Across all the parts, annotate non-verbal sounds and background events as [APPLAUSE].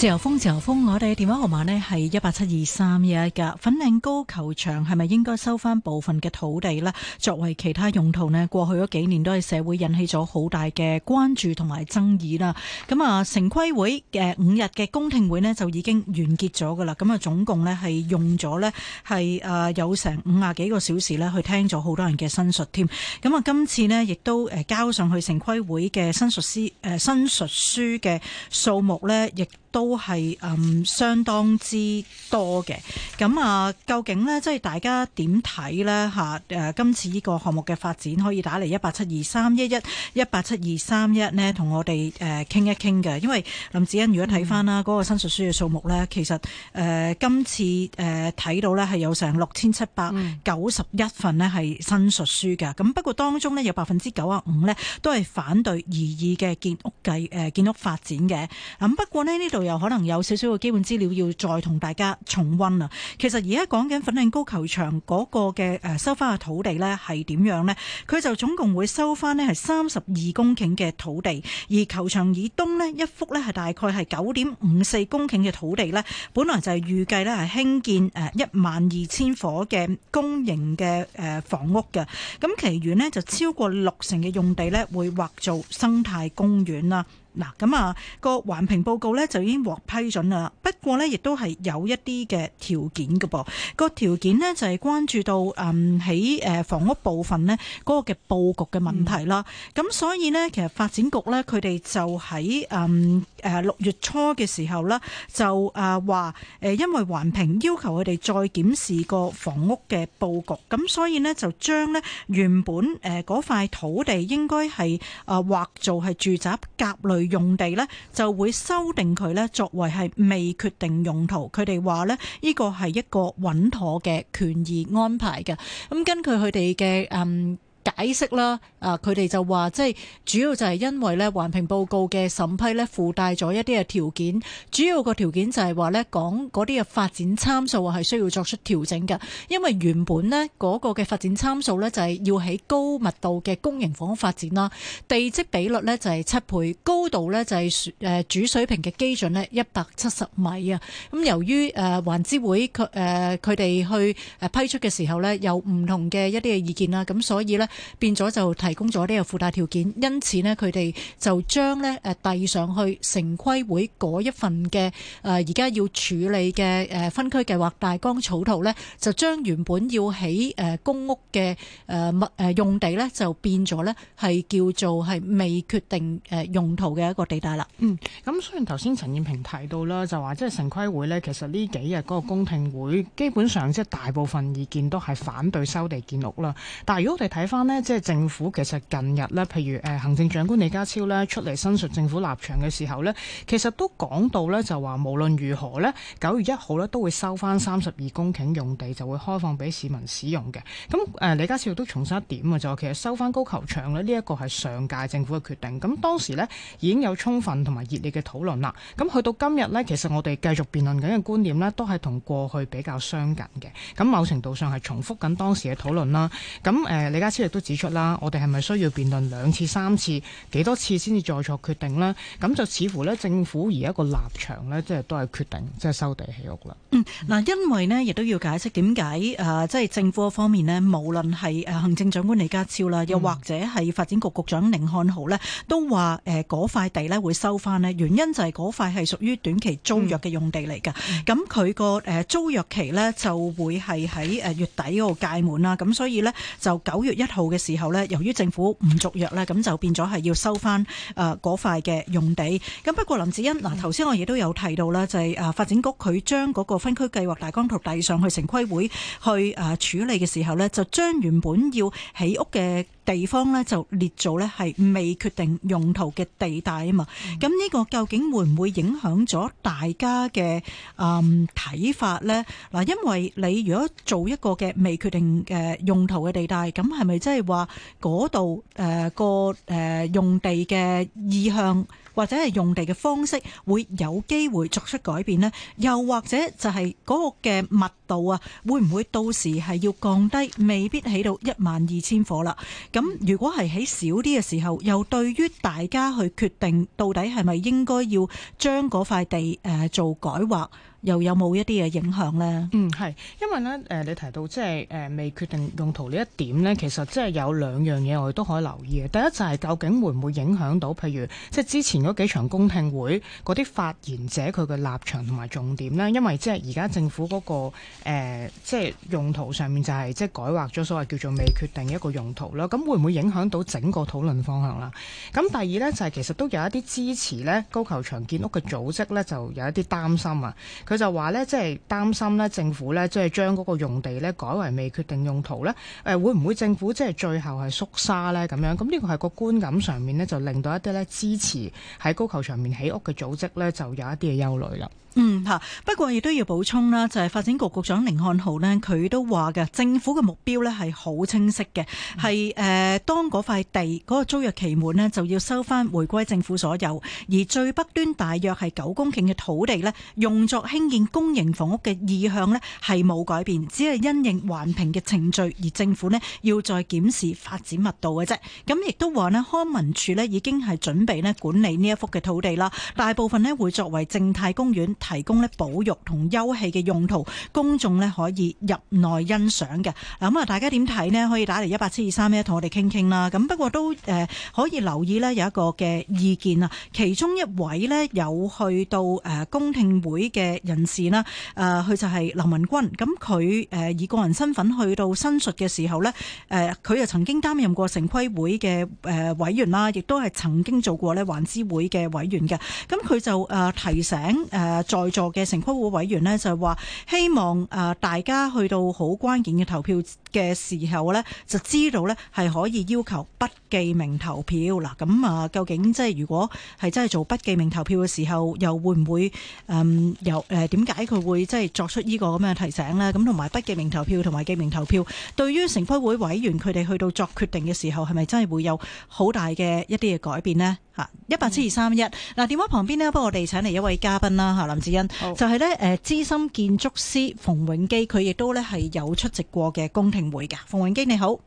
自由風，自由風，我哋嘅電話號碼呢係一八七二三一一噶。17231，粉嶺高球場係咪應該收返部分嘅土地呢？作為其他用途呢，過去嗰幾年都係社會引起咗好大嘅關注同埋爭議啦。咁啊，城規會嘅、呃、五日嘅公聽會呢，就已經完結咗噶啦。咁啊，總共呢係用咗呢係啊有成五廿幾個小時呢去聽咗好多人嘅申述添。咁啊，今次呢亦都、呃、交上去城規會嘅申述書、呃、申述書誒申述書嘅數目呢。亦。都係嗯相當之多嘅，咁啊，究竟咧即係大家點睇咧吓誒今次呢個項目嘅發展可以打嚟、呃、一八七二三一一一八七二三一咧，同我哋誒傾一傾嘅。因為林子欣，如果睇翻啦嗰個申述書嘅數目咧、嗯，其實誒、呃、今次誒睇、呃、到咧係有成六千七百九十一份咧係申述書嘅，咁、嗯、不過當中咧有百分之九啊五咧都係反對異議嘅建屋計誒建屋發展嘅。咁不過咧呢度。又可能有少少嘅基本資料要再同大家重溫啦。其實而家講緊粉嶺高球場嗰個嘅誒收翻嘅土地呢，係點樣呢？佢就總共會收翻呢係三十二公頃嘅土地，而球場以東呢，一幅呢係大概係九點五四公頃嘅土地，呢本來就係預計呢係興建誒一萬二千伙嘅公營嘅誒房屋嘅，咁其餘呢就超過六成嘅用地呢，會劃做生態公園啦。嗱咁啊，個環評報告咧就已經獲批准啦。不過咧，亦都係有一啲嘅條件嘅噃。個條件咧就係關注到誒喺誒房屋部分咧個嘅佈局嘅問題啦。咁、嗯、所以咧，其實發展局咧佢哋就喺誒誒六月初嘅時候咧就誒話誒因為環評要求佢哋再檢視個房屋嘅佈局，咁所以咧就將咧原本誒塊土地應該係誒劃做係住宅甲類，用地咧就會修訂佢咧作為係未決定用途，佢哋話咧呢個係一個穩妥嘅權益安排嘅。咁根據佢哋嘅嗯。解釋啦，啊，佢哋就話即係主要就係因為咧環評報告嘅審批咧附帶咗一啲嘅條件，主要個條件就係話咧講嗰啲嘅發展參數係需要作出調整嘅，因為原本咧嗰個嘅發展參數咧就係要喺高密度嘅公營房屋發展啦，地積比率咧就係七倍，高度咧就係誒主水平嘅基準咧一百七十米啊。咁由於誒環諮會佢誒佢哋去誒批出嘅時候咧有唔同嘅一啲嘅意見啦，咁所以咧。變咗就提供咗呢個附帶條件，因此呢，佢哋就將呢誒遞上去城規會嗰一份嘅而家要處理嘅分區計劃大綱草圖呢，就將原本要起公屋嘅物、呃、用地呢，就變咗呢係叫做係未決定用途嘅一個地帶啦。嗯，咁雖然頭先陳燕平提到啦，就話即係城規會呢，其實呢幾日個公聽會基本上即係大部分意見都係反對收地建屋啦。但係如果我哋睇翻。呢即係政府，其實近日呢，譬如誒、呃、行政長官李家超呢出嚟申述政府立場嘅時候呢，其實都講到呢就話，無論如何呢，九月一號呢都會收翻三十二公頃用地，就會開放俾市民使用嘅。咁誒、呃、李家超都重申一點啊，就其實收翻高球場呢，呢、這、一個係上屆政府嘅決定。咁當時呢已經有充分同埋熱烈嘅討論啦。咁去到今日呢，其實我哋繼續辯論緊嘅觀念呢，都係同過去比較相近嘅。咁某程度上係重複緊當時嘅討論啦。咁誒、呃、李家超。都指出啦，我哋係咪需要辯論兩次、三次、幾多次先至再作決定咧？咁就似乎咧，政府而家一個立場咧，即係都係決定即係收地起屋啦。嗯，嗱，因為咧亦都要解釋點解誒即係政府方面咧，無論係誒行政長官李家超啦，又或者係發展局局長寧漢豪咧，都話誒嗰塊地咧會收翻咧。原因就係嗰塊係屬於短期租約嘅用地嚟㗎。咁佢個誒租約期咧就會係喺誒月底嗰個屆滿啦。咁所以咧就九月一號。嘅時候咧，由於政府唔續約咧，咁就變咗係要收翻誒塊嘅用地。咁不過林子欣，嗱，頭先我亦都有提到啦，就係、是、誒發展局佢將嗰個分區計劃大綱圖遞上去城規會去誒處理嘅時候咧，就將原本要起屋嘅地方咧，就列做咧係未決定用途嘅地帶啊嘛。咁呢個究竟會唔會影響咗大家嘅誒睇法咧？嗱，因為你如果做一個嘅未決定誒用途嘅地帶，咁係咪即。即係話嗰度誒個誒用地嘅意向或者係用地嘅方式會有機會作出改變呢？又或者就係嗰個嘅密度啊，會唔會到時係要降低？未必起到一萬二千伙啦。咁如果係喺少啲嘅時候，又對於大家去決定到底係咪應該要將嗰塊地誒、呃、做改劃？又有冇一啲嘅影響呢？嗯，係，因為呢、呃，你提到即係、呃、未決定用途呢一點呢，其實即係有兩樣嘢我哋都可以留意嘅。第一就係、是、究竟會唔會影響到，譬如即係、就是、之前嗰幾場公聽會嗰啲發言者佢嘅立場同埋重點呢？因為即係而家政府嗰、那個即係、呃就是、用途上面就係即係改劃咗所謂叫做未決定一個用途啦。咁會唔會影響到整個討論方向啦？咁第二呢，就係、是、其實都有一啲支持呢高球場建屋嘅組織呢，就有一啲擔心啊。佢就話咧，即係擔心咧，政府咧即係將嗰個用地咧改為未決定用途咧，誒會唔會政府即係最後係縮沙咧咁樣？咁呢個係個觀感上面咧，就令到一啲咧支持喺高球場面起屋嘅組織咧，就有一啲嘅憂慮啦。嗯吓，不過亦都要補充啦，就係、是、發展局局長甯漢豪呢，佢都話嘅政府嘅目標呢係好清晰嘅，係誒、呃、當嗰塊地嗰、那個租約期滿呢，就要收翻回歸政府所有，而最北端大約係九公頃嘅土地呢，用作興建公營房屋嘅意向呢，係冇改變，只係因應環評嘅程序而政府呢，要再檢視發展密度嘅啫。咁亦都話呢，康文署呢已經係準備呢管理呢一幅嘅土地啦，大部分呢會作為靜態公園。提供咧保育同休憩嘅用途，公眾咧可以入內欣賞嘅。嗱，咁啊，大家點睇呢？可以打嚟一八七二三一，同我哋傾傾啦。咁不過都誒，可以留意咧有一個嘅意見啊。其中一位咧有去到誒公聽會嘅人士啦，誒，佢就係林文君。咁佢誒以個人身份去到申述嘅時候咧，誒，佢又曾經擔任過城規會嘅誒委員啦，亦都係曾經做過咧環諮會嘅委員嘅。咁佢就誒提醒誒，在座嘅城規會委員呢，就係話希望誒大家去到好關鍵嘅投票嘅時候呢，就知道呢係可以要求不記名投票嗱。咁啊，究竟即係如果係真係做不記名投票嘅時候又會唔會、嗯，又會唔會誒有誒點解佢會即係作出呢個咁嘅提醒呢？咁同埋不記名投票同埋記名投票，對於城規會委員佢哋去到作決定嘅時候，係咪真係會有好大嘅一啲嘅改變呢？嚇一八七二三一嗱，電、啊、話旁邊呢，不如我哋請嚟一位嘉賓啦嚇就係咧，誒，資深建築師馮永基，佢亦都咧係有出席過嘅公聽會嘅。馮永基你好，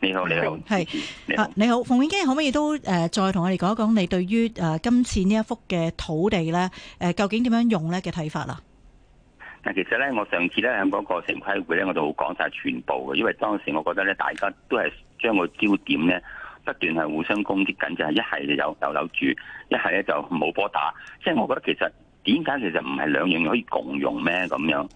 你好你好，係你好，馮永基，你好，馮永基可唔可以都誒、呃，再同我哋講一講你對於誒、呃、今次呢一幅嘅土地咧，誒、呃，究竟點樣用咧嘅睇法啊？嗱，其實咧，我上次咧喺嗰個城規會咧，我都都講晒全部嘅，因為當時我覺得咧，大家都係將個焦點咧不斷係互相攻擊緊，就係一係就有有樓住，一係咧就冇波打，即係我覺得其實。點解其實唔係兩樣可以共用咩？咁樣，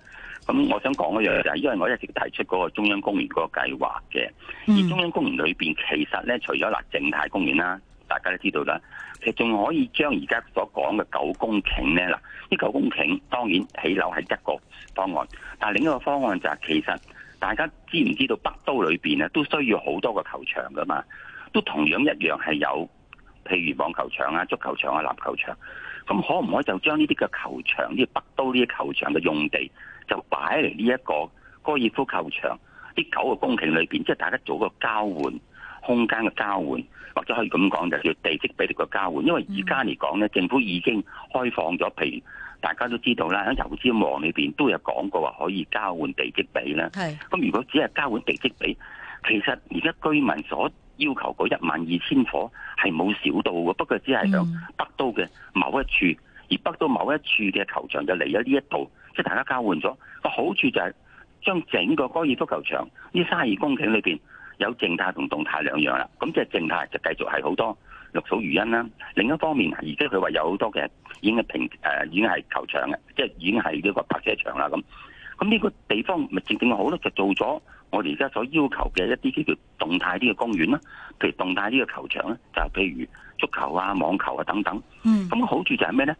咁我想講一樣嘢就係，因為我一直提出嗰個中央公園嗰個計劃嘅，而中央公園裏邊其實咧，除咗嗱靜態公園啦，大家都知道啦，其實仲可以將而家所講嘅九公頃咧，嗱，呢九公頃當然起樓係一個方案，但另一個方案就係其實大家知唔知道北都裏邊咧都需要好多個球場噶嘛，都同樣一樣係有。譬如網球場啊、足球場啊、籃球場，咁可唔可以就將呢啲嘅球場、呢啲北都呢啲球場嘅用地，就擺嚟呢一個高爾夫球場啲九個公頃裏面，即係大家做個交換空間嘅交換，或者可以咁講就叫地積比率嘅交換。因為而家嚟講咧，政府已經開放咗，譬如大家都知道啦，喺油尖旺裏邊都有講過話可以交換地積比啦。係，咁如果只係交換地積比，其實而家居民所要求嗰一萬二千火係冇少到嘅，不過只係響北都嘅某一處，而北都某一處嘅球場就嚟咗呢一度，即係大家交換咗個好處就係將整個高爾夫球場呢三二公頃裏邊有靜態同動態兩樣啦。咁即係靜態就繼續係好多綠草如茵啦。另一方面啊，而家佢話有好多嘅已經係平誒、呃、已經係球場嘅，即係已經係一個泊車場啦咁。咁、這、呢個地方咪正正好咧，就做咗我哋而家所要求嘅一啲叫做動態啲嘅公園啦，譬如動態啲嘅球場咧，就係譬如足球啊、網球啊等等。咁、嗯、好處就係咩咧？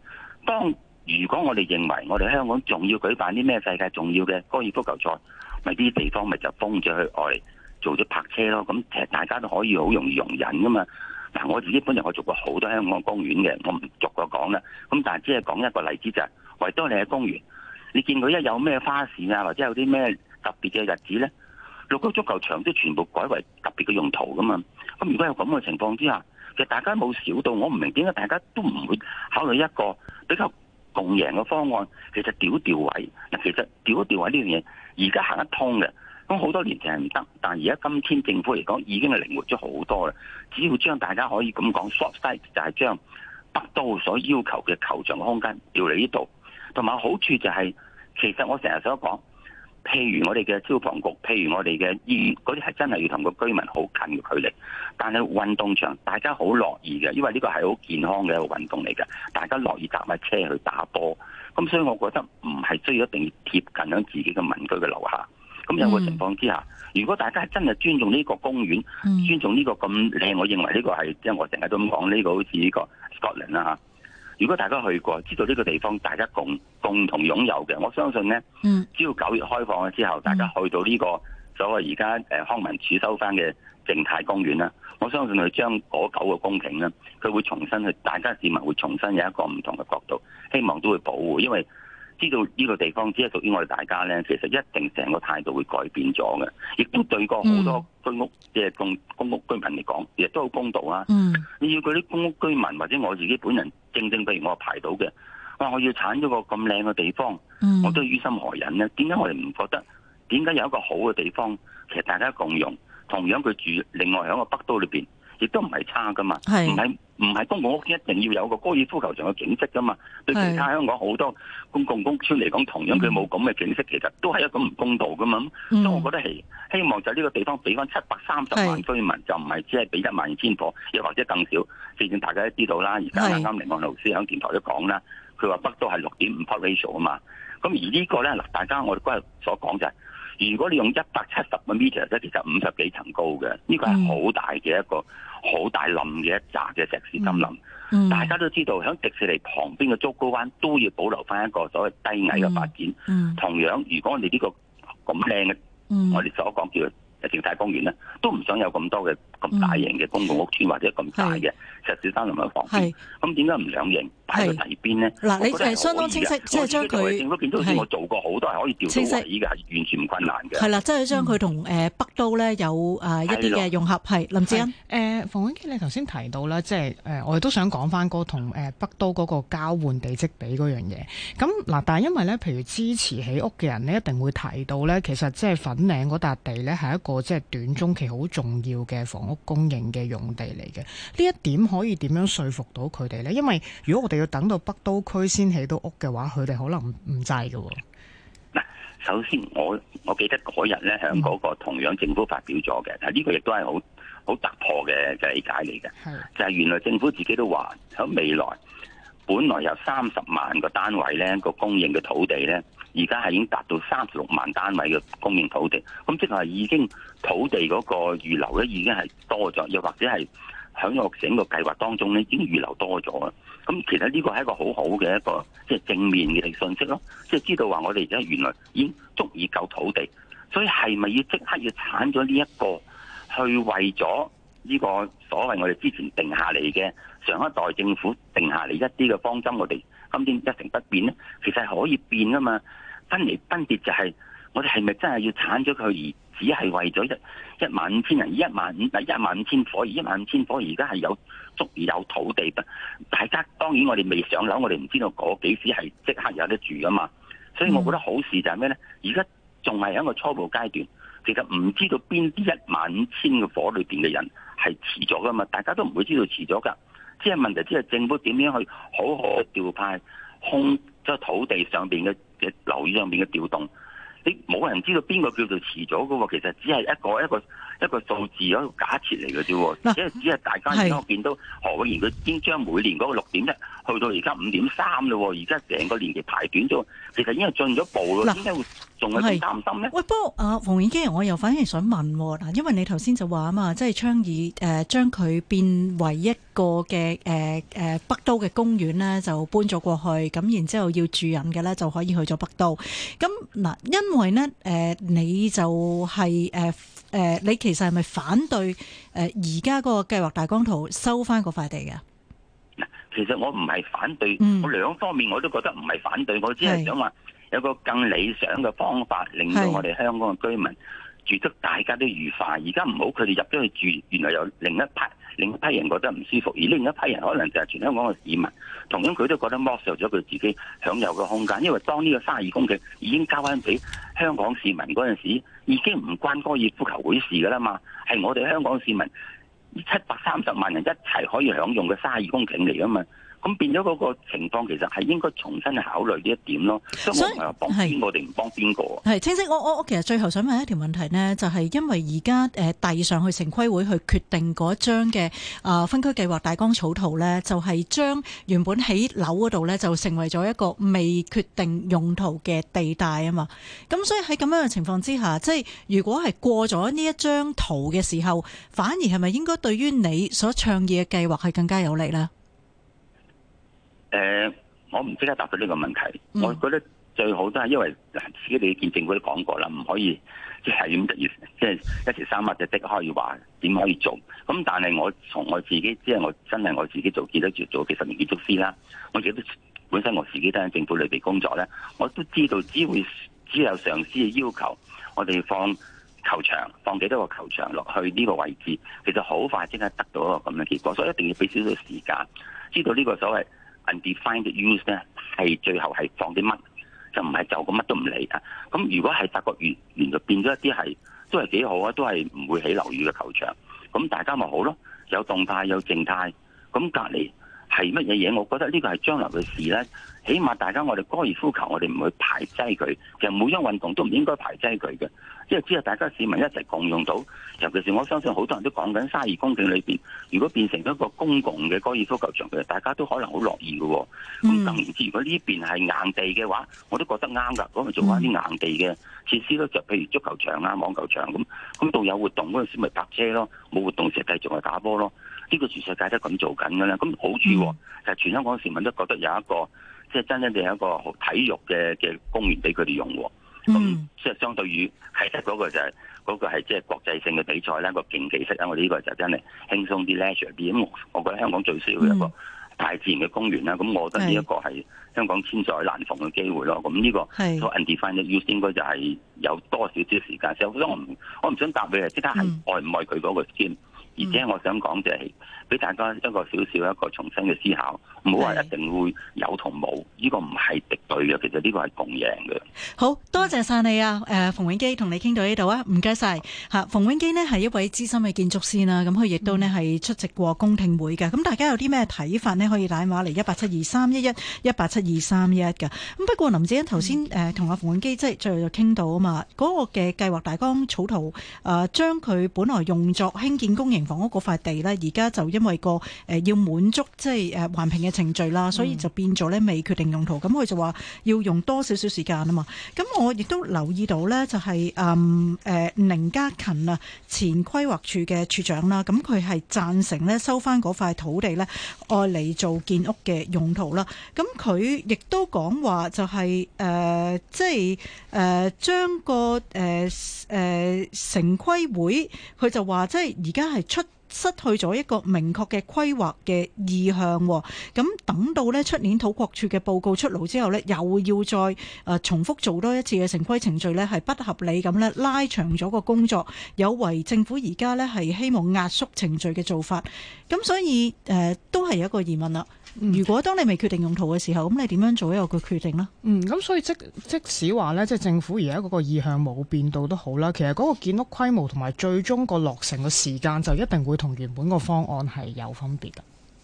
當如果我哋認為我哋香港仲要舉辦啲咩世界重要嘅高爾夫球賽，咪啲地方咪就封住去外做咗泊車咯。咁其實大家都可以好容易容忍噶嘛。嗱，我自己本人我做過好多香港公園嘅，我唔逐個講啦。咁但係只係講一個例子就係、是、維多利亞公園。你見佢一有咩花市啊，或者有啲咩特別嘅日子呢？六個足球場都全部改為特別嘅用途噶嘛。咁如果有咁嘅情況之下，其實大家冇少到，我唔明點解大家都唔會考慮一個比較共贏嘅方案。其實調一調位嗱，其實調一調位呢樣嘢而家行得通嘅。咁好多年前係唔得，但而家今天政府嚟講已經係靈活咗好多啦。只要將大家可以咁講 soft site，就係將北都所要求嘅球場嘅空間調嚟呢度。.同埋好處就係、是，其實我成日所講，譬如我哋嘅消防局，譬如我哋嘅醫院，嗰啲係真係要同個居民好近嘅距離。但係運動場大家好樂意嘅，因為呢個係好健康嘅一個運動嚟嘅，大家樂意搭埋車去打波。咁所以我覺得唔係需要一定要貼近喺自己嘅民居嘅樓下。咁有個情況之下，嗯、如果大家係真係尊重呢個公園，嗯、尊重呢個咁靚，我認為呢個係即係我成日都咁講，呢、這個好似呢、這個 Scotland 啦吓。如果大家去過，知道呢個地方大家共共同擁有嘅，我相信呢，只要九月開放咗之後，大家去到呢個所謂而家康文署收翻嘅靜態公園啦，我相信佢將嗰九個公頃呢，佢會重新去，大家市民會重新有一個唔同嘅角度，希望都會保護，因為知道呢個地方只係屬於我哋大家呢，其實一定成個態度會改變咗嘅，亦都對過好多居屋即係公公屋居民嚟講，亦都好公道啦。你要嗰啲公屋居民或者我自己本人。正正譬如我排到嘅話，我要鏟咗個咁靚嘅地方，我都於心何忍呢？點解我哋唔覺得？點解有一個好嘅地方，其實大家共用，同樣佢住另外喺個北都裏邊。亦都唔係差噶嘛，唔係唔係，公共屋邨一定要有個高爾夫球場嘅景色噶嘛？對其他香港好多公共屋邨嚟講，同樣佢冇咁嘅景色，其實都係一個唔公道噶嘛、嗯。所以我覺得係希望就呢個地方俾翻七百三十萬居民，就唔係只係俾一萬二千伙，又或者更少。正正大家都知道啦，而家啱啱凌望老師喺電台都講啦，佢話北都係六點五 plot ratio 啊嘛。咁而呢個咧嗱，大家我哋今日所講就係、是，如果你用一百七十個 meter 咧，其實五十幾層高嘅，呢、這個係好大嘅一個。嗯好大冧嘅一紮嘅石屎森林、嗯嗯，大家都知道喺迪士尼旁邊嘅竹篙灣都要保留翻一個所謂低矮嘅發展、嗯嗯。同樣，如果我哋呢個咁靚嘅，我哋所講叫做自然生態公園咧，都唔想有咁多嘅咁大型嘅公共屋村，嗯、或者咁大嘅石屎森林喺旁邊。咁點解唔兩型？喺邊呢？嗱，你係相當清晰，即係將佢係清晰。完全唔困難嘅係啦，即係、就是、將佢同誒北都咧有誒一啲嘅融合，係林志恩。誒、呃，馮永基你頭先提到啦，即係誒，我哋都想講翻嗰個同誒北都嗰個交換地積比嗰樣嘢。咁嗱、呃，但係因為咧，譬如支持起屋嘅人咧，一定會提到咧，其實即係粉嶺嗰笪地咧，係一個即係、就是、短中期好重要嘅房屋供應嘅用地嚟嘅。呢一點可以點樣說服到佢哋咧？因為如果我哋等到北都區先起到屋嘅話，佢哋可能唔唔制㗎。嗱，首先我我記得嗰日咧，喺嗰個同樣政府發表咗嘅、嗯，但呢個亦都係好好突破嘅就理解嚟嘅。係就係、是、原來政府自己都話喺未來，本來有三十萬個單位咧個供應嘅土地咧，而家係已經達到三十六萬單位嘅供應土地，咁即係已經土地嗰個預留咧，已經係多咗，又或者係喺我整個計劃當中咧，已經預留多咗咁其實呢個係一個好好嘅一個即係正面嘅信息咯，即係知道話我哋而家原來已經足以夠土地，所以係咪要即刻要鏟咗呢一個去為咗呢個所謂我哋之前定下嚟嘅上一代政府定下嚟一啲嘅方針，我哋今天一成不變呢？其實係可以變啊嘛，分離分別就係我哋係咪真係要鏟咗佢而？只係為咗一一萬五千人，一萬五一萬五千火，一萬五千火而家係有足而有土地嘅。大家當然我哋未上樓，我哋唔知道嗰幾時係即刻有得住㗎嘛。所以，我覺得好事就係咩呢？而家仲係一個初步階段，其實唔知道邊啲一萬五千個火裏面嘅人係遲咗㗎嘛。大家都唔會知道遲咗㗎，只係問題，只係政府點樣去好好調派空即係、就是、土地上面嘅嘅樓宇上面嘅調動。你冇人知道邊個叫做遲早嗰個，其實只係一個一個。一個一個數字一個假設嚟嘅啫，只係大家而家見到何永賢佢已經將每年嗰個六點一去到而家五點三嘞，而家成個年期排短咗，其實已經進咗步咯。點、啊、解會仲係要擔心咧？喂，不過啊、呃，馮永基，我又反而想問嗱，因為你頭先就話啊嘛，即、就、係、是呃、將以誒將佢變為一個嘅誒誒北都嘅公園咧，就搬咗過去，咁然之後要住人嘅咧就可以去咗北都。咁嗱、呃，因為咧誒、呃、你就係、是、誒。呃誒，你其實係咪反對誒而家嗰個計劃大光圖收翻嗰塊地嘅？其實我唔係反對。嗯，我兩方面我都覺得唔係反對，我只係想話有一個更理想嘅方法，令到我哋香港嘅居民的。住得大家都愉快，而家唔好佢哋入咗去住，原來有另一批另一批人覺得唔舒服，而另一批人可能就係全香港嘅市民，同樣佢都覺得剝削咗佢自己享有嘅空間，因為當呢個卅二公頃已經交翻俾香港市民嗰陣時，已經唔關高爾夫球會事噶啦嘛，係我哋香港市民七百三十萬人一齊可以享用嘅卅二公頃嚟噶嘛。咁變咗嗰個情況，其實係應該重新考慮呢一點咯。所以我係幫邊，我哋唔幫邊個。係清晰，我我我其實最後想問一條問題呢，就係、是、因為而家誒遞上去城規會去決定嗰張嘅啊分區計劃大綱草圖呢，就係、是、將原本喺樓嗰度呢，就成為咗一個未決定用途嘅地帶啊嘛。咁所以喺咁樣嘅情況之下，即係如果係過咗呢一張圖嘅時候，反而係咪應該對於你所倡議嘅計劃係更加有利呢？誒、uh，我唔即刻答到呢個問題。Mm. 我覺得最好都係因為嗱，自己哋見政府都講過啦，唔可以即係亂執業，即、就、係、是就是、一時三刻就即刻可以話點可以做。咁但係我從我自己，即、就、係、是、我真係我自己做記得住做幾十年建築師啦，我記得本身我自己都係政府裏邊工作咧，我都知道，只會只有上司嘅要求，我哋放球場放幾多個球場落去呢個位置，其實好快即刻得到一個咁嘅結果，所以一定要俾少少時間，知道呢個所謂。Undefined e use 咧，係最後係放啲乜，就唔係就咁乜都唔理啊。咁如果係發覺原原來變咗一啲係，都係幾好啊，都係唔會起樓宇嘅球場。咁大家咪好咯，有動態有靜態。咁隔離係乜嘢嘢？我覺得呢個係將來嘅事咧。起碼大家我哋高爾夫球，我哋唔會排擠佢。其實每一運動都唔應該排擠佢嘅。即係只有大家市民一齊共用到，尤其是我相信好多人都講緊三二公頃裏邊，如果變成一個公共嘅高爾夫球場，其實大家都可能好樂意嘅、哦。咁、mm. 更唔知如果呢邊係硬地嘅話，我都覺得啱噶，咁咪做下啲硬地嘅設施咯。就、mm. 譬如足球場啊、網球場咁，咁到有活動嗰陣時咪搭車咯，冇活動時繼續係打波咯。呢、這個全世界都咁做緊噶啦。咁好處就、哦、係、mm. 全香港市民都覺得有一個即係、就是、真真正係一個體育嘅嘅公園俾佢哋用、哦。咁即係相對於係得嗰個就係、是、嗰、那個係即係國際性嘅比賽啦，個競技式啊，我哋呢個就真係輕鬆啲 l s leisure 啲。咁。我覺得香港最少有一個大自然嘅公園啦，咁、嗯、我覺得呢一個係香港千載難逢嘅機會咯。咁呢、這個 undefined use 應該就係有多少少時間。所以我唔我唔想答你係即刻係愛唔愛佢嗰個先、嗯、而且我想講就係、是。俾大家一個少少一個重新嘅思考，唔好話一定會有同冇，呢、這個唔係敵對嘅，其實呢個係共贏嘅。好多謝晒你啊！誒、嗯呃，馮永基同你傾到呢度啊，唔該晒嚇。馮永基呢，係一位資深嘅建築師啦，咁佢亦都呢係、嗯、出席過公聽會嘅。咁大家有啲咩睇法呢？可以打電話嚟一八七二三一一一八七二三一一嘅。咁不過林子欣頭先誒同阿馮永基即係最後就傾到啊嘛，嗰、那個嘅計劃大綱草圖啊、呃，將佢本來用作興建公營房屋嗰塊地呢，而家就因因為個誒要滿足即係誒環評嘅程序啦，所以就變咗咧未決定用途。咁佢就話要用多少少時間啊嘛。咁我亦都留意到咧、就是，就係誒誒，凌、呃、嘉勤啊，前規劃處嘅處長啦。咁佢係贊成咧收翻嗰塊土地咧，愛嚟做建屋嘅用途啦。咁佢亦都講話就係、是、誒、呃，即係誒，將、呃、個誒誒城規會，佢就話即係而家係出。失去咗一個明確嘅規劃嘅意向，咁等到呢出年土拓署嘅報告出爐之後呢，又要再誒重複做多一次嘅城規程序呢，係不合理，咁呢，拉長咗個工作，有違政府而家呢係希望壓縮程序嘅做法，咁所以誒、呃、都係一個疑問啦。如果當你未決定用途嘅時候，咁你點樣做一個決定呢？嗯，咁所以即即使話呢，即政府而家嗰個意向冇變到都好啦。其實嗰個建屋規模同埋最終個落成嘅時間就一定會同原本個方案係有分別嘅。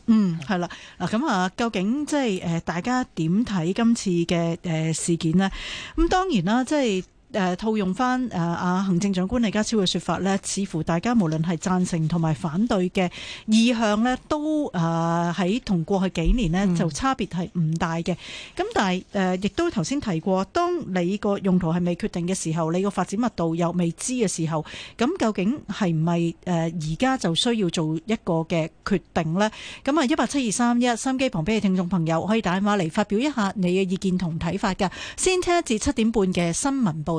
嗯，係啦。嗱、嗯，咁啊，究竟即係誒大家點睇今次嘅誒、呃、事件呢？咁當然啦，即係。誒套用翻誒啊行政長官李家超嘅說法呢，似乎大家無論係贊成同埋反對嘅意向呢，都誒喺同過去幾年呢就差別係唔大嘅。咁、嗯、但係亦都頭先提過，當你個用途係未決定嘅時候，你個發展密度又未知嘅時候，咁究竟係唔係誒而家就需要做一個嘅決定呢？咁啊，一八七二三一收音機旁邊嘅聽眾朋友可以打電話嚟發表一下你嘅意見同睇法㗎。先聽一至七點半嘅新聞報。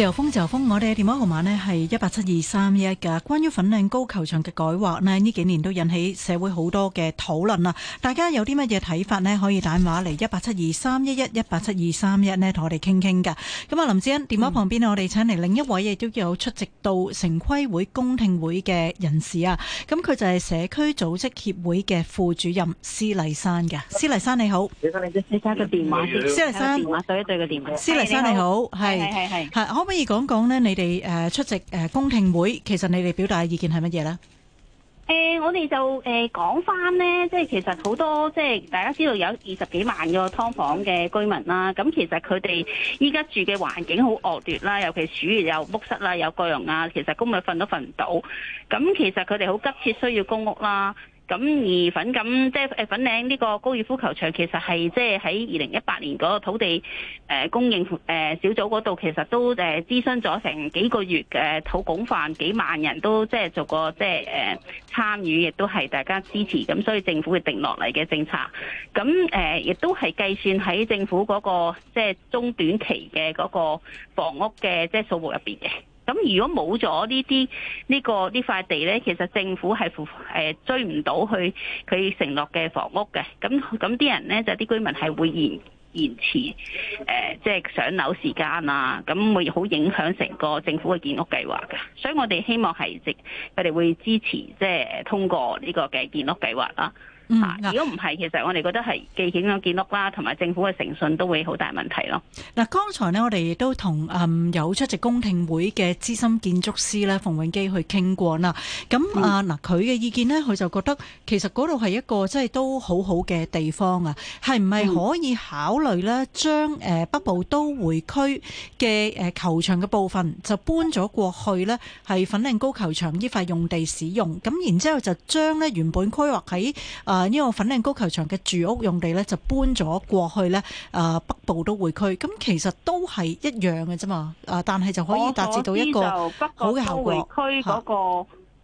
自由風，自由風，我哋嘅電話號碼呢係一八七二三一嘅。關於粉嶺高球場嘅改劃呢，呢幾年都引起社會好多嘅討論啊！大家有啲乜嘢睇法呢？可以打電話嚟一八七二三一一一八七二三一呢，同我哋傾傾嘅。咁啊，林志恩電話旁邊咧，我哋請嚟另一位亦都有出席到城規會公聽會嘅人士啊。咁佢就係社區組織協會嘅副主任施麗珊嘅。施麗珊你好，你好，你打個電話先。施麗珊，對一對個電話。施麗珊你好，係係係係。好。可以講講咧，你哋誒出席誒公聽會，其實你哋表達嘅意見係乜嘢咧？誒、呃，我哋就誒、呃、講翻咧，即係其實好多即係大家知道有二十幾萬個劏房嘅居民啦。咁其實佢哋依家住嘅環境好惡劣啦，尤其鼠疫又木虱啦，有過容啊，其實根本瞓都瞓唔到。咁其實佢哋好急切需要公屋啦。咁而粉咁即係誒粉嶺呢個高爾夫球場，其實係即係喺二零一八年嗰個土地誒供應誒小組嗰度，其實都誒諮詢咗成幾個月嘅土拱泛幾萬人都即係做過即係誒參與，亦都係大家支持咁，所以政府會定落嚟嘅政策。咁誒亦都係計算喺政府嗰個即係中短期嘅嗰個房屋嘅即係數目入面嘅。咁如果冇咗呢啲呢個呢、這個、塊地呢，其實政府係誒追唔到佢佢承諾嘅房屋嘅。咁咁啲人呢，就啲、是、居民係會延延遲誒，即、呃、係、就是、上樓時間啊。咁會好影響成個政府嘅建屋計劃嘅。所以我哋希望係直，佢哋會支持即係、就是、通過呢個嘅建屋計劃啦、啊。嗯啊嗯、如果唔係，其實我哋覺得係影響建屋啦，同埋政府嘅誠信都會好大問題咯。嗱、嗯，剛才呢，我哋亦都同誒有出席公聽會嘅資深建築師咧馮永基去傾過啦。咁啊嗱，佢嘅意見呢，佢就覺得其實嗰度係一個即係都好好嘅地方啊。係唔係可以考慮呢？將誒、呃、北部都會區嘅誒、呃、球場嘅部分就搬咗過去呢？係粉嶺高球場依塊用地使用？咁然之後就將呢原本規劃喺誒。呃呢、啊、個粉嶺高球場嘅住屋用地咧,就搬咗過去咧。誒、啊，北部都會區，咁其實都係一樣嘅啫嘛。誒、啊，但係就可以達至到一個好嘅效果。區、哦、嗰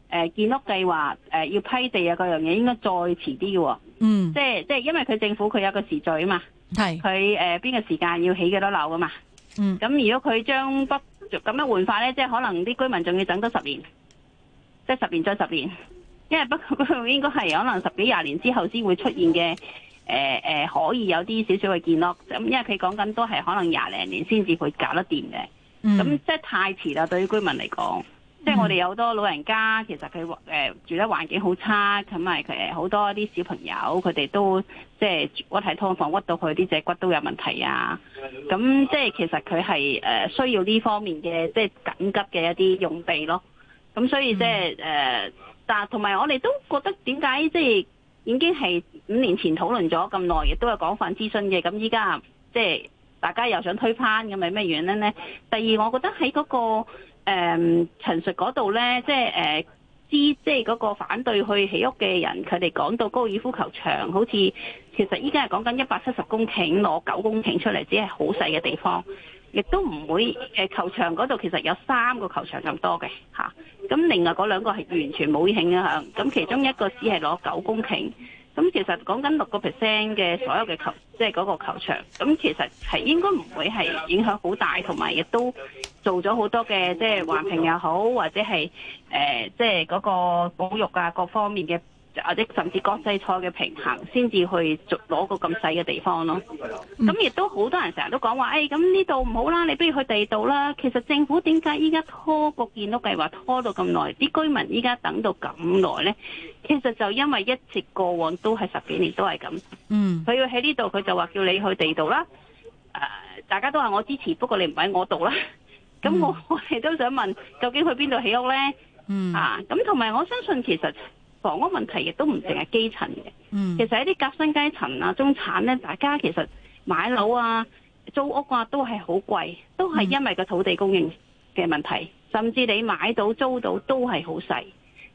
個誒建屋計劃誒要批地啊,嗰樣嘢應該再遲啲嘅。嗯。即係即係，因為佢政府佢有個時序啊嘛。係。佢誒邊個時間要起幾多樓噶嘛？嗯。咁如果佢將北咁樣換法咧,即係可能啲居民仲要等多十年,即係十年再十年。因為不過嗰度應該係可能十幾廿年之後先會出現嘅，誒、呃、誒、呃、可以有啲少少嘅建屋。咁因為佢講緊都係可能廿零年先至會搞得掂嘅。咁、嗯、即係太遲啦，對於居民嚟講。即係我哋有好多老人家，其實佢誒、呃、住得環境好差，同埋誒好多啲小朋友，佢哋都即係屈喺劏房，屈到佢啲脊骨都有問題啊。咁、嗯、即係其實佢係誒需要呢方面嘅即係緊急嘅一啲用地咯。咁所以即係誒。嗯但同埋，我哋都覺得點解即係已經係五年前討論咗咁耐，亦都係廣泛諮詢嘅。咁依家即係大家又想推翻，咁係咩原因呢？第二，我覺得喺嗰個誒陳述嗰度呢，即係誒知即係嗰個反對去起屋嘅人，佢哋講到高爾夫球場，好似其實依家係講緊一百七十公頃攞九公頃出嚟，只係好細嘅地方。亦都唔會，誒球場嗰度其實有三個球場咁多嘅嚇，咁另外嗰兩個係完全冇影響啊嚇，咁其中一個只係攞九公頃，咁其實講緊六個 percent 嘅所有嘅球，即係嗰個球場，咁其實係應該唔會係影響好大，同埋亦都做咗好多嘅，即係環評又好，或者係誒即係嗰個保育啊各方面嘅。或者甚至國際賽嘅平衡，先至去攞個咁細嘅地方咯。咁、嗯、亦都好多人成日都講話，誒咁呢度唔好啦，你不如去第度啦。其實政府點解依家拖個建屋計劃拖到咁耐，啲居民依家等到咁耐呢？其實就因為一直過往都係十幾年都係咁。嗯，佢要喺呢度，佢就話叫你去第度啦。誒、呃，大家都話我支持，不過你唔喺我度啦。咁 [LAUGHS] 我哋、嗯、都想問，究竟去邊度起屋呢？嗯，啊，咁同埋我相信其實。房屋問題亦都唔淨係基層嘅、嗯，其實一啲夾心階層啊、中產咧，大家其實買樓啊、租屋啊都係好貴，都係因為個土地供應嘅問題，甚至你買到租到都係好細。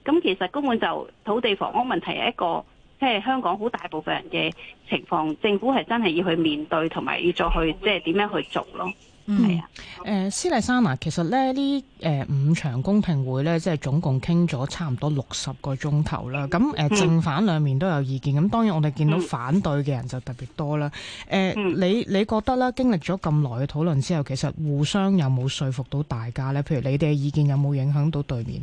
咁其實根本就土地房屋問題係一個，即係香港好大部分人嘅情況，政府係真係要去面對，同埋要再去即係點樣去做咯。嗯，誒，施麗珊啊，其實咧，呢誒五場公聽會咧，即係總共傾咗差唔多六十個鐘頭啦。咁誒正反兩面都有意見，咁當然我哋見到反對嘅人就特別多啦。誒、嗯，你你覺得啦，經歷咗咁耐嘅討論之後，其實互相有冇說服到大家咧？譬如你哋嘅意見有冇影響到對面？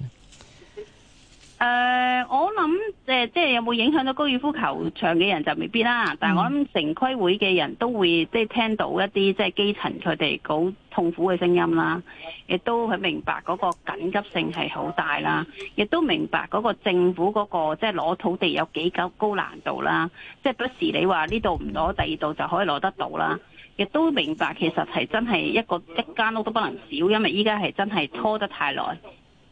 誒，uh，我諗誒，即係有冇影響到高爾夫球場嘅人就未必啦，但係我諗城規會嘅人都會即係聽到一啲即係基層佢哋好痛苦嘅聲音啦，亦都佢明白嗰個緊急性係好大啦，亦都明白嗰個政府嗰個即係攞土地有幾級高難度啦，即係不時你話呢度唔攞第二度就可以攞得到啦，亦都明白其實係真係一個一間屋都不能少，因為依家係真係拖得太耐。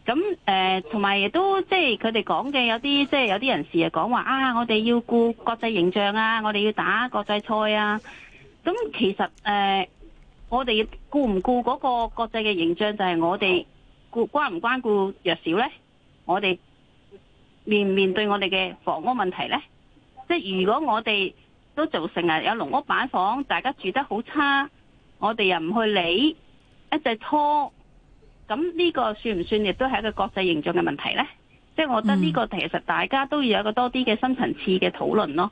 咁誒，同埋亦都即係佢哋講嘅有啲，即係有啲人士就講話啊，我哋要顧國際形象啊，我哋要打國際賽啊。咁其實誒、呃、我哋顧唔顧嗰個國際嘅形象，就係我哋顧關唔關顧弱小咧？我哋面唔面對我哋嘅房屋問題咧，即係如果我哋都造成啊有籠屋板房，大家住得好差，我哋又唔去理，一直拖。咁呢個算唔算亦都係一個國際形象嘅問題咧？即係我覺得呢個其實大家都要有一個多啲嘅深層次嘅討論咯。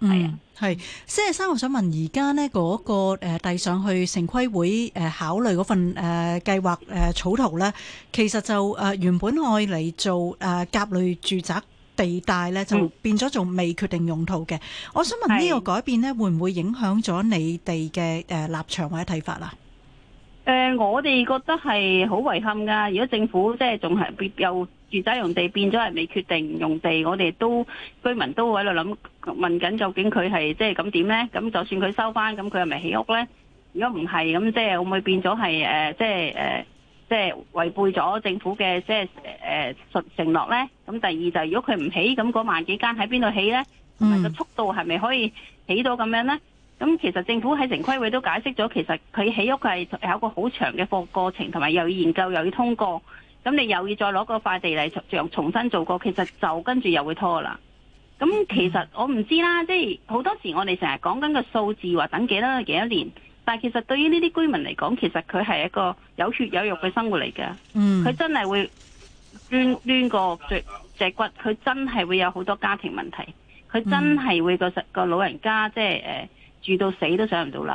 係啊，係。即係三，我想問而家咧嗰個誒遞上去城規會誒考慮嗰份誒計劃誒草圖咧，其實就誒原本愛嚟做誒甲類住宅地帶咧，就變咗做未決定用途嘅。我想問呢個改變咧，會唔會影響咗你哋嘅誒立場或者睇法啦？誒、嗯，我哋覺得係好遺憾噶。如果政府即係仲係又住宅用地變咗係未決定用地，我哋都居民都喺度諗問緊，究竟佢係即係咁點呢？咁就算佢收翻，咁佢係咪起屋呢？如果唔係，咁即係會唔會變咗係誒，即係誒，即係違背咗政府嘅即係誒承承諾呢？咁第二就係如果佢唔起，咁嗰萬幾間喺邊度起呢？同個速度係咪可以起到咁樣呢？咁、嗯、其實政府喺城規會都解釋咗，其實佢起屋係有一個好長嘅過過程，同埋又要研究，又要通過。咁你又要再攞個塊地嚟重重新做過，其實就跟住又會拖啦。咁其實我唔知啦，即係好多時我哋成日講緊個數字話等幾多幾多年，但係其實對於呢啲居民嚟講，其實佢係一個有血有肉嘅生活嚟嘅。佢、嗯、真係會攣攣個脊骨，佢真係會有好多家庭問題，佢真係會個個老人家即係誒。就是呃住到死都上唔到樓，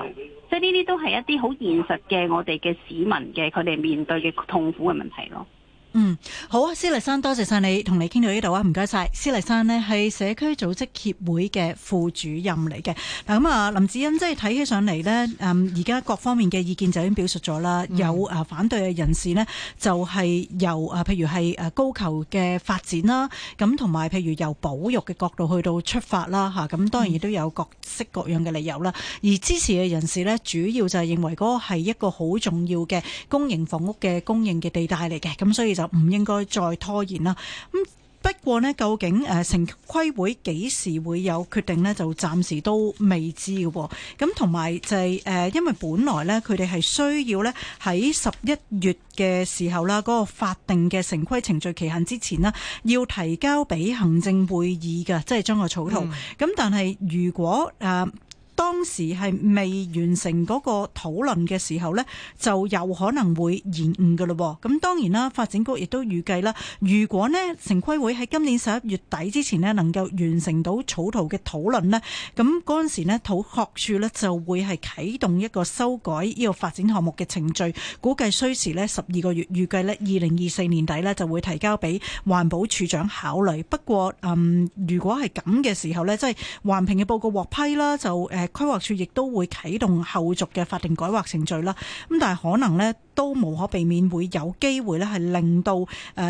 即係呢啲都係一啲好現實嘅我哋嘅市民嘅佢哋面對嘅痛苦嘅問題咯。嗯，好啊，施麗珊，多謝晒你同你傾到呢度啊，唔該晒。施麗珊咧係社區組織協會嘅副主任嚟嘅。嗱，咁啊，林子欣即係睇起上嚟咧，誒、嗯，而家各方面嘅意見就已經表述咗啦、嗯。有誒反對嘅人士咧，就係由誒，譬如係誒高球嘅發展啦，咁同埋譬如由保育嘅角度去到出發啦，吓，咁當然亦都有各式各樣嘅理由啦、嗯。而支持嘅人士咧，主要就係認為嗰個係一個好重要嘅公營房屋嘅供應嘅地帶嚟嘅，咁所以。就唔應該再拖延啦。咁不過呢，究竟誒城、呃、規會幾時會有決定呢？就暫時都未知嘅喎、哦。咁同埋就係、是、誒、呃，因為本來呢，佢哋係需要呢，喺十一月嘅時候啦，嗰、那個法定嘅城規程序期限之前呢，要提交俾行政會議嘅，即、就、係、是、將個草圖。咁、嗯、但係如果誒。呃當時係未完成嗰個討論嘅時候呢，就有可能會延誤嘅咯。咁當然啦，發展局亦都預計啦，如果呢城規會喺今年十一月底之前呢，能夠完成到草圖嘅討論呢，咁嗰陣時呢土拓署呢就會係啟動一個修改呢個發展項目嘅程序，估計需時呢十二個月，預計呢二零二四年底呢就會提交俾環保署長考慮。不過，嗯，如果係咁嘅時候呢，即係環評嘅報告獲批啦，就，誒。規劃處亦都會啟動後續嘅法定改劃程序啦，咁但係可能咧都無可避免會有機會咧係令到誒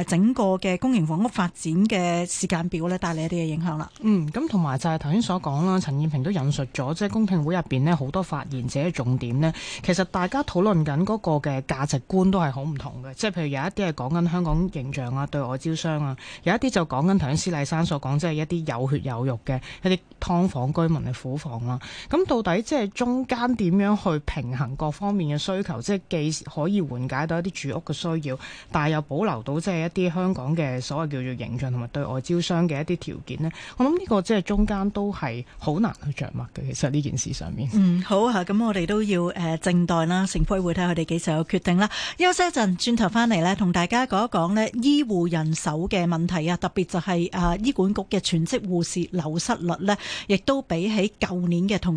整個嘅公營房屋發展嘅時間表咧帶嚟一啲嘅影響啦。嗯，咁同埋就係頭先所講啦，陳燕萍都引述咗，即係公聽會入邊咧好多發言者嘅重點呢，其實大家討論緊嗰個嘅價值觀都係好唔同嘅，即係譬如有一啲係講緊香港形象啊、對外招商啊，有一啲就講緊頭先施麗珊所講，即係一啲有血有肉嘅一啲劏房居民嘅苦況啦。咁到底即係中間點樣去平衡各方面嘅需求，即係既可以緩解到一啲住屋嘅需要，但係又保留到即係一啲香港嘅所謂叫做形象同埋對外招商嘅一啲條件咧？我諗呢個即係中間都係好難去掌握嘅，其實呢件事上面。嗯，好吓，咁我哋都要誒靜待啦，城規會睇下佢哋幾時有決定啦。休息一陣轉頭翻嚟咧，同大家講一講咧醫護人手嘅問題啊，特別就係啊醫管局嘅全職護士流失率咧，亦都比起舊年嘅同。